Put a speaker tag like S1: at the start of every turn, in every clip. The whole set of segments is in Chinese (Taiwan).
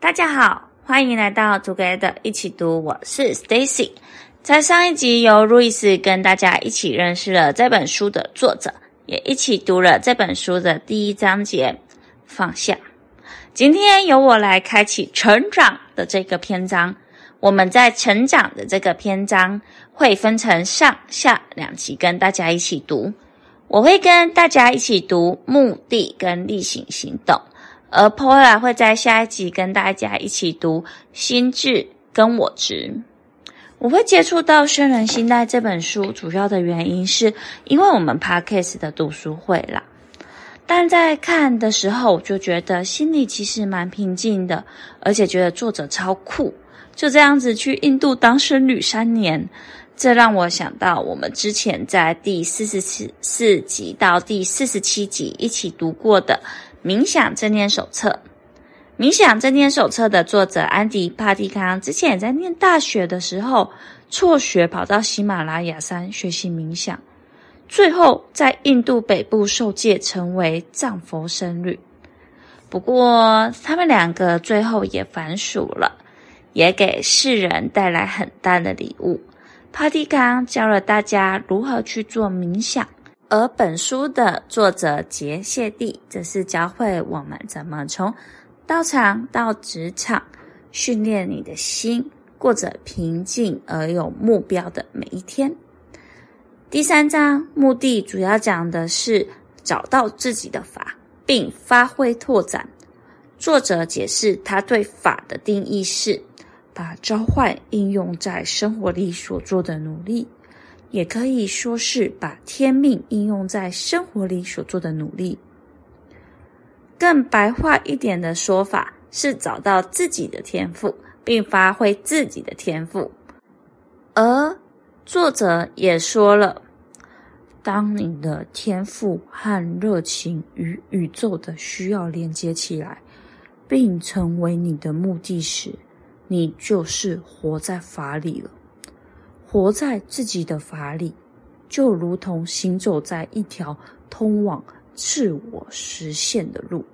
S1: 大家好，歡迎來到 Together 的《一起讀》，我是 Stacy。在上一集由 Lewis 跟大家一起認識了這本書的作者，也一起讀了這本書的第一章節《放下》。今天由我來開啟《成長》的這個篇章。我們在《成長》的這個篇章會分成上下兩集跟大家一起讀。我會跟大家一起讀目的跟例行行動。而 Paula 會在下一集跟大家一起讀《心智跟我值》。我會接觸到《僧人心態》這本書，主要的原因是因為我們 Podcast 的讀書會啦。但在看的時候，我就覺得心裡其實蠻平靜的，而且覺得作者超酷，就這樣子去印度當僧侶三年。這讓我想到我們之前在第四十四四集到第四十七集一起讀過的。冥想正念手冊，冥想正念手冊的作者安迪·帕蒂康，之前也在念大學的時候輟學，跑到喜馬拉雅山學習冥想，最後在印度北部受戒，成為藏佛僧侶。不過，他們兩個最後也返俗了，也給世人帶來很大的禮物。帕蒂康教了大家如何去做冥想。而本書的作者傑謝帝則是教會我們怎麼從道場到職場，訓練你的心，過着平靜而有目標的每一天。第三章目的主要講的是找到自己的法，並發揮拓展。作者解釋他對法的定義是：把召喚應用在生活裡所做的努力。也可以說是把天命應用在生活裡所做的努力。更白話一點的說法是找到自己的天賦，並發揮自己的天賦。而作者也說了，當你的天賦和熱情與宇宙的需要連接起來，並成為你的目的時，你就是活在法裡了。活在自己的法裡，就如同行走在一條通往自我實現的路。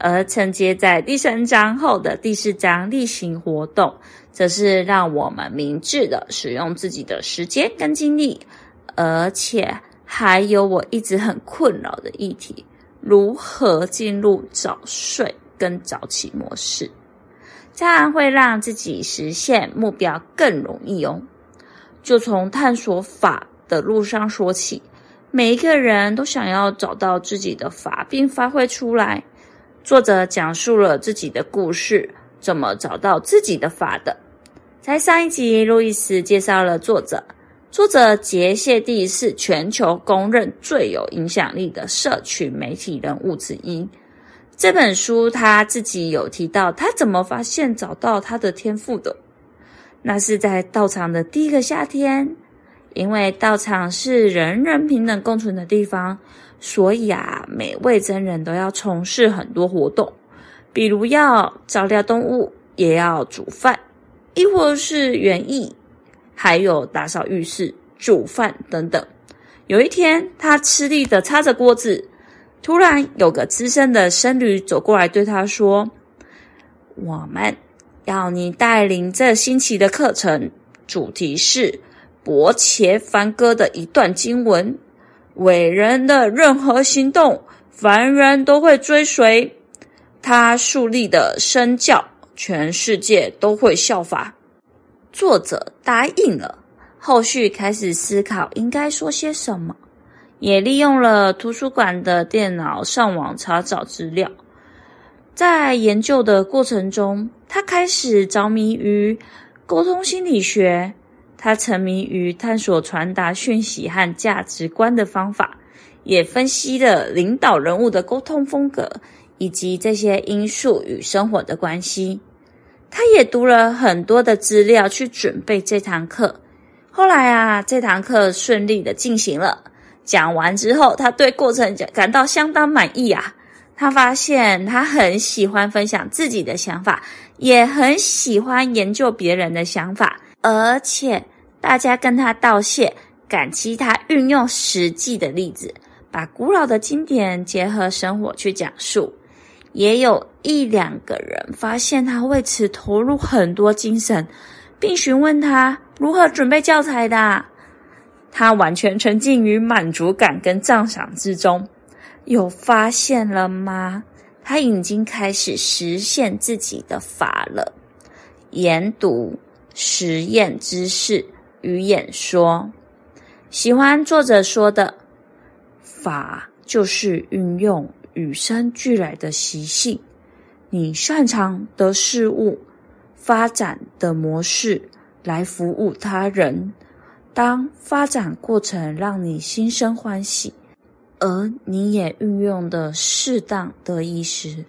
S1: 而承接在第三章後的第四章例行活動，則是讓我們明智地使用自己的時間跟精力，而且還有我一直很困擾的議題：如何進入早睡跟早起模式。自然會讓自己實現目標更容易哦。就從探索法的路上說起，每一個人都想要找到自己的法，並發揮出來。作者講述了自己的故事，怎麼找到自己的法的。在上一集，路易斯介紹了作者，作者傑謝帝是全球公認最有影響力的社群媒體人物之一。這本書他自己有提到，他怎麼發現找到他的天賦的？那是在道場的第一個夏天，因為道場是人人平等共存的地方，所以啊，每位僧人都要從事很多活動，比如要照料動物，也要煮飯，抑或是園藝，還有打掃浴室、煮飯等等。有一天，他吃力地擦着鍋子。突然，有個資深的僧侶走過來，對他說：“我們要你帶領這星期的課程，主題是薄伽梵歌的一段經文。偉人的任何行動，凡人都會追隨；他樹立的身教，全世界都會效法。”作者答應了，後續開始思考應該說些什麼。也利用了圖書館的電腦上網查找資料，在研究的過程中，他開始着迷於溝通心理學。他沉迷於探索傳達訊息和價值觀的方法，也分析了領導人物的溝通風格以及這些因素與生活的關係。他也讀了很多的資料去準備這堂課。後來啊，這堂課順利的進行了。講完之後，他對過程感感到相當滿意啊！他發現他很喜歡分享自己的想法，也很喜歡研究別人的想法，而且大家跟他道謝，感激他運用實際的例子，把古老的經典結合生活去講述。也有一兩個人發現他為此投入很多精神，並詢問他如何準備教材的。他完全沉浸於滿足感跟讚賞之中，有發現了嗎？他已經開始實現自己的法了，研讀、實驗知識與演說。喜歡作者說的法，就是運用與生俱來的習性，你擅長的事物發展的模式來服務他人。當發展過程讓你心生歡喜，而你也運用的適當得意時，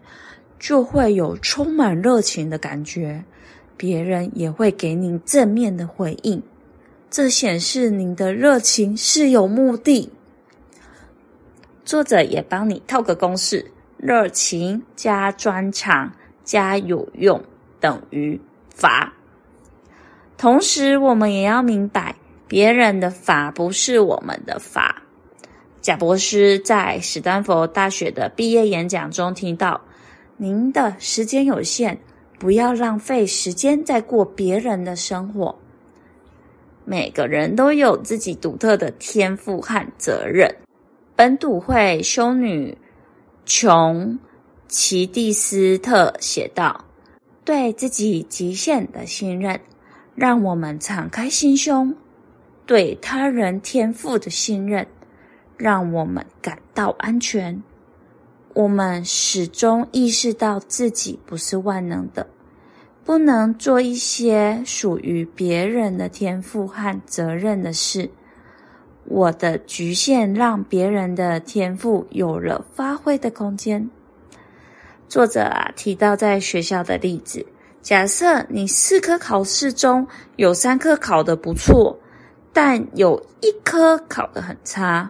S1: 就會有充滿熱情的感覺，別人也會給你正面的回應，這顯示你的熱情是有目的。作者也幫你套個公式：熱情加專長加有用等於法。同時，我們也要明白。別人的法不是我們的法。賈伯斯在史丹佛大學的畢業演講中提到：“您的時間有限，不要浪費時間在過別人的生活。每個人都有自己獨特的天賦和責任。”本篤會修女瓊·奇蒂斯特寫道：“對自己極限的信任，讓我們敞開心胸。”對他人天賦的信任，讓我們感到安全。我們始終意識到自己不是萬能的，不能做一些屬於別人的天賦和責任的事。我的局限讓別人的天賦有了發揮的空間。作者啊提到在學校的例子，假設你四科考試中有三科考得不錯。但有一科考得很差，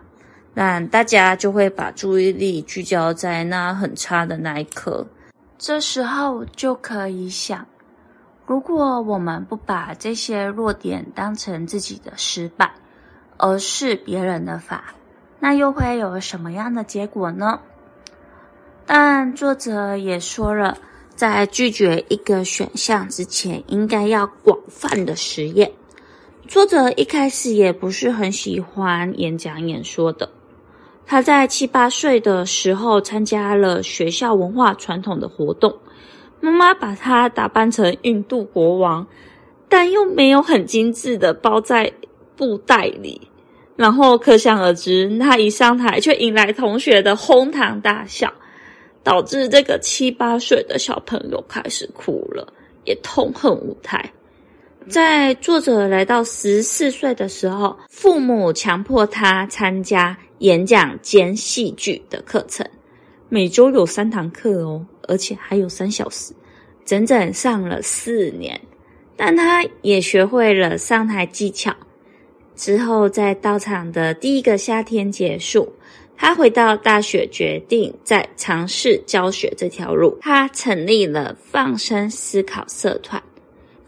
S1: 那大家就會把注意力聚焦在那很差的那一科。這時候就可以想，如果我們不把這些弱點當成自己的失敗，而是別人的法，那又會有什麼樣的結果呢？但作者也說了，在拒絕一個選項之前，應該要廣泛的實驗。作者一開始也不是很喜歡演講演說的。他在七八歲的時候參加了學校文化傳統的活動，媽媽把他打扮成印度國王，但又沒有很精緻的包在布袋裡。然後可想而知，他一上台卻引來同學的哄堂大笑，導致這個七八歲的小朋友開始哭了，也痛恨舞台。在作者來到十四歲的時候，父母強迫他參加演講兼戲劇的課程，每周有三堂課哦，而且還有三小時，整整上了四年。但他也學會了上台技巧。之後，在道場的第一個夏天結束，他回到大學，決定再嘗試教學這條路。他成立了放聲思考社團。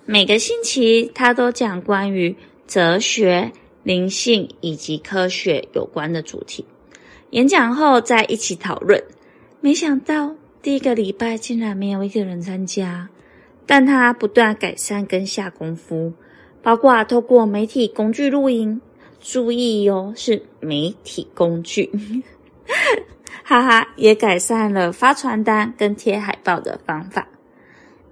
S1: 每個星期他都講關於哲學、靈性以及科學有關的主題。演講後再一起討論。沒想到第一個禮拜竟然沒有一個人參加，但他不斷改善跟下功夫，包括透過媒體工具錄音。注意喲、哦，是媒體工具， 哈哈，也改善了發傳單跟貼海報的方法。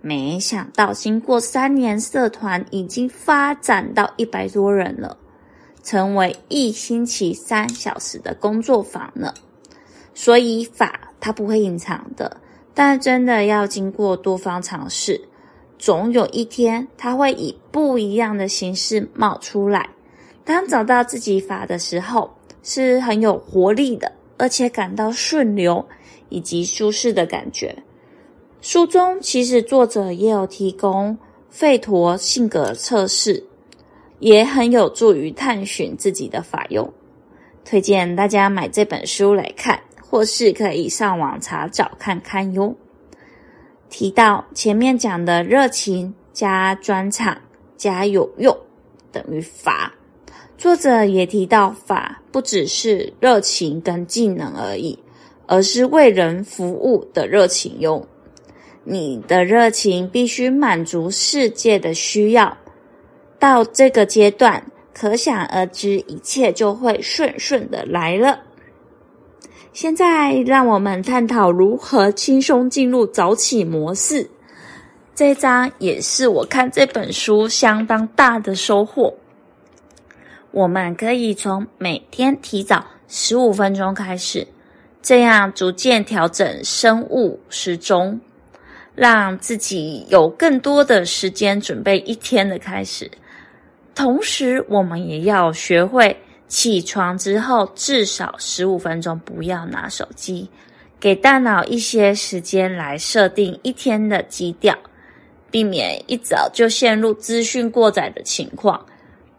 S1: 沒想到，經過三年，社團已經發展到一百多人了，成為一星期三小時的工作坊了。所以法它不會隱藏的，但真的要經過多方嘗試，總有一天它會以不一樣的形式冒出來。當找到自己法的時候，是很有活力的，而且感到順流以及舒適的感覺。書中其實作者也有提供吠陀性格測試，也很有助於探尋自己的法用。推薦大家買這本書來看，或是可以上網查找看看喲。提到前面講的熱情加專長加有用等於法，作者也提到法不只是熱情跟技能而已，而是為人服務的熱情喲。你的熱情必須滿足世界的需要。到這個階段，可想而知，一切就會順順的來了。現在，讓我們探討如何輕鬆進入早起模式。這章也是我看這本書相當大的收穫。我們可以從每天提早十五分鐘開始，這樣逐漸調整生物時鐘。讓自己有更多的時間準備一天的開始，同時我們也要學會起床之後至少十五分鐘不要拿手機，給大腦一些時間來設定一天的基調，避免一早就陷入資訊過載的情況。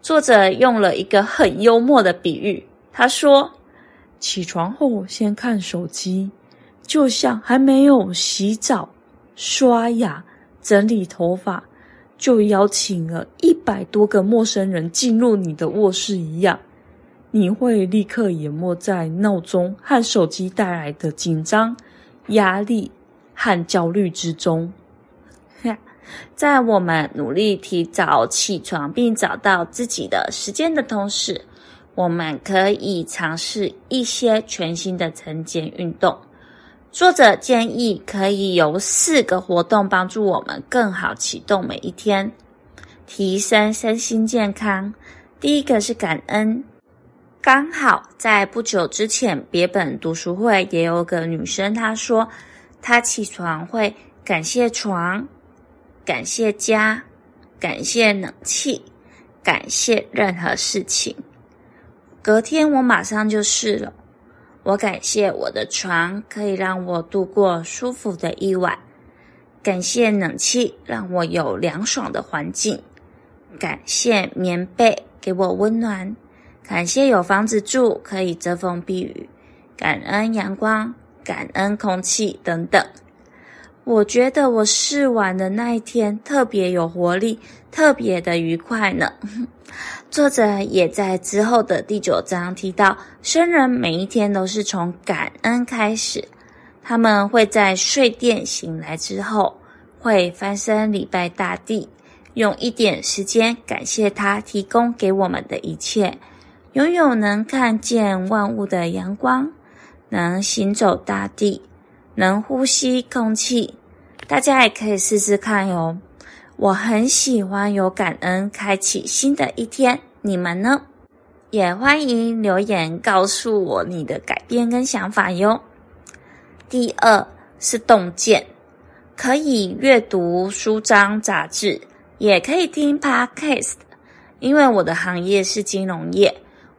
S1: 作者用了一個很幽默的比喻，他說：“起床後先看手機，就像還沒有洗澡。”刷牙、整理頭髮，就邀請了一百多個陌生人進入你的臥室一樣，你會立刻淹沒在鬧鐘和手機帶來的緊張、壓力和焦慮之中。 在我們努力提早起床並找到自己的時間的同時，我們可以嘗試一些全新的晨間運動。作者建議可以由四個活動幫助我們更好啟動每一天，提升身心健康。第一個是感恩，剛好在不久之前，別本讀書會也有個女生她說，她起床會感謝床，感謝家，感謝冷氣，感謝任何事情。隔天我馬上就試了。我感謝我的床，可以讓我度過舒服的一晚；感謝冷氣，讓我有涼爽的環境；感謝棉被，給我溫暖；感謝有房子住，可以遮風避雨；感恩陽光，感恩空氣，等等。我覺得我試完的那一天特別有活力，特別的愉快呢。 作者也在之後的第九章提到，僧人每一天都是從感恩開始，他們會在睡殿醒來之後，會翻身禮拜大地，用一點時間感謝他提供給我們的一切，擁有能看見萬物的陽光，能行走大地。能呼吸空氣，大家也可以試試看喲、哦。我很喜歡有感恩開啟新的一天，你們呢？也歡迎留言告訴我你的改變跟想法喲。第二是洞見，可以閱讀書章、雜誌，也可以聽 Podcast。因為我的行業是金融業。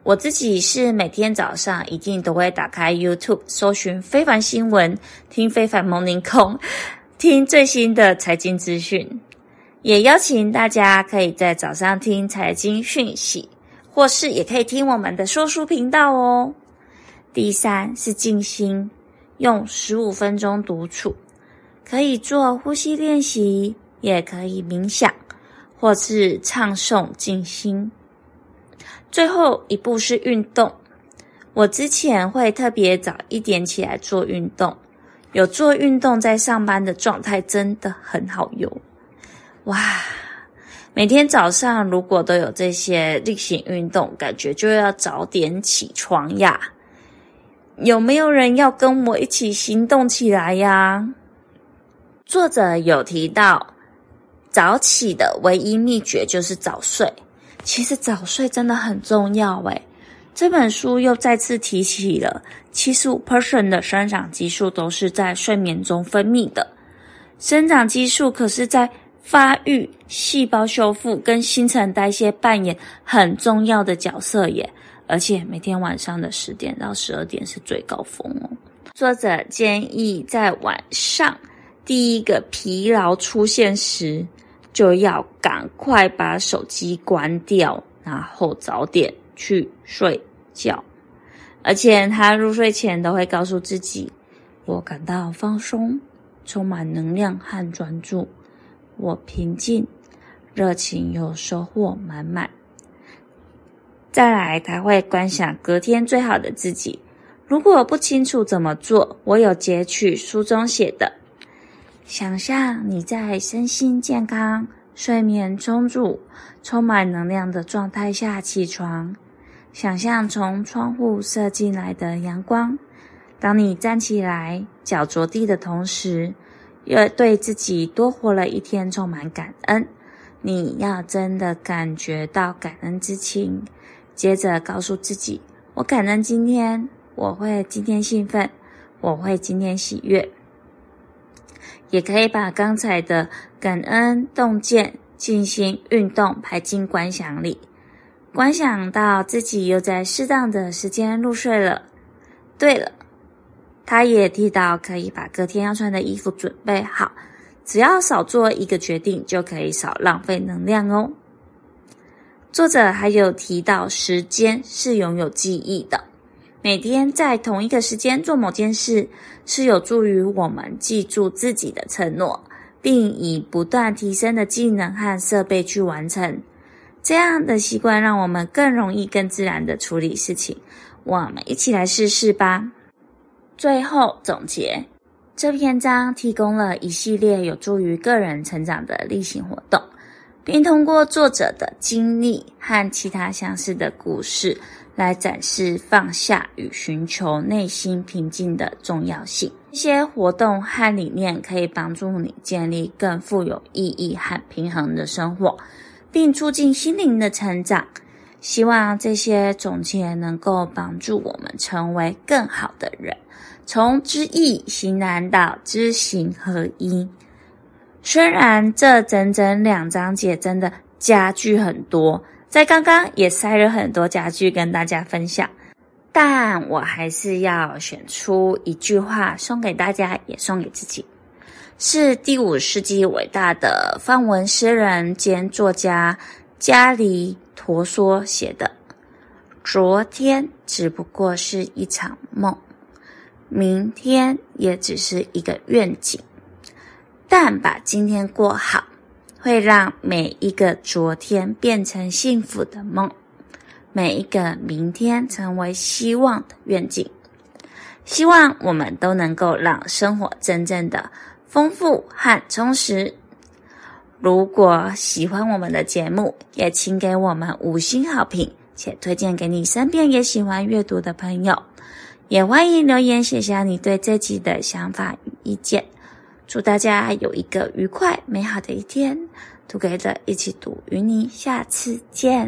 S1: 我自己是每天早上一定都會打開 YouTube 搜尋非凡新聞，聽非凡 Morning Call，聽最新的財經資訊。也邀請大家可以在早上聽財經訊息，或是也可以聽我們的說書頻道哦。第三是靜心，用十五分鐘獨處，可以做呼吸練習，也可以冥想，或是唱誦靜心。最後一步是運動。我之前會特別早一點起來做運動，有做運動在上班的狀態真的很好用。哇，每天早上如果都有這些例行運動，感覺就要早點起床呀。有沒有人要跟我一起行動起來呀？作者有提到，早起的唯一祕訣就是早睡。其實早睡真的很重要誒，這本書又再次提起了，七十五 percent 的生長激素都是在睡眠中分泌的。生長激素可是在發育、細胞修復跟新陳代謝扮演很重要的角色耶，而且每天晚上的十點到十二點是最高峰哦。作者建議在晚上第一個疲勞出現時，就要趕快把手機關掉，然後早點去睡覺。而且他入睡前都會告訴自己：“我感到放鬆，充滿能量和專注，我平靜、熱情又收穫滿滿。”再來，他會觀想隔天最好的自己。如果我不清楚怎麼做，我有截取書中寫的。想象你在身心健康、睡眠充足、充滿能量的狀態下起床。想象從窗戶射進來的陽光。當你站起來、腳着地的同時，又對自己多活了一天充滿感恩。你要真的感覺到感恩之情。接着告訴自己：“我感恩今天，我會今天興奮，我會今天喜悅。”也可以把剛才的感恩洞見、進行運動排進觀想裡，觀想到自己又在適當的時間入睡了。對了，他也提到可以把隔天要穿的衣服準備好，只要少做一個決定就可以少浪費能量哦。作者還有提到，時間是擁有記憶的。每天在同一個時間做某件事，是有助於我們記住自己的承諾，並以不斷提升的技能和設備去完成。這樣的習慣讓我們更容易、更自然地處理事情。我們一起來試試吧。最後總結，這篇文章提供了一系列有助於個人成長的例行活動，並通過作者的經歷和其他相似的故事。來展示放下與尋求內心平靜的重要性。這些活動和理念可以幫助你建立更富有意義和平衡的生活，並促進心靈的成長。希望這些總結能夠幫助我們成為更好的人，從知易行難到知行合一。雖然這整整兩章節真的加劇很多。在剛剛也塞了很多佳句跟大家分享，但我還是要選出一句話送給大家，也送給自己，是第五世紀偉大的梵文詩人兼作家迦梨陀娑寫的：“昨天只不過是一場夢，明天也只是一個願景，但把今天過好。”會讓每一個昨天變成幸福的夢，每一個明天成為希望的願景。希望我們都能夠讓生活真正的豐富和充實。如果喜歡我們的節目，也請給我們五星好評，且推薦給你身邊也喜歡閱讀的朋友。也歡迎留言寫下你對這集的想法與意見。祝大家有一個愉快、美好的一天！Together 一起讀，與你下次見。